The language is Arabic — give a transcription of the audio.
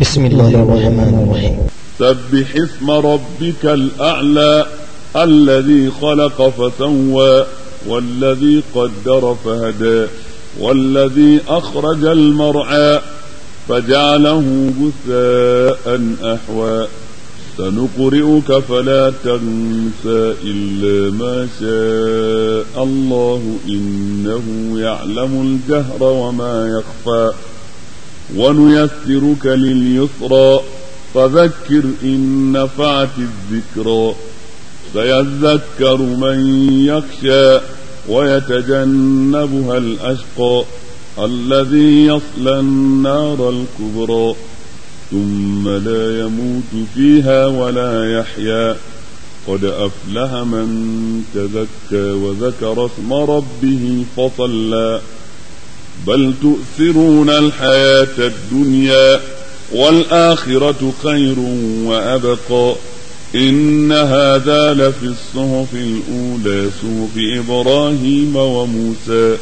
بسم الله الرحمن الرحيم سبح اسم ربك الأعلى الذي خلق فسوى والذي قدر فهدى والذي أخرج المرعى فجعله جثاء أحوى سنقرئك فلا تنسى إلا ما شاء الله إنه يعلم الجهر وما يخفى ونيسرك لليسرى فذكر إن نفعت الذكرى سيذكر من يخشى ويتجنبها الأشقى الذي يصلى النار الكبرى ثم لا يموت فيها ولا يحيا قد أفلح من تزكى وذكر اسم ربه فصلى بل تؤثرون الحياة الدنيا والآخرة خير وأبقى إن هذا لفي الصحف الأولى صحف إبراهيم وموسى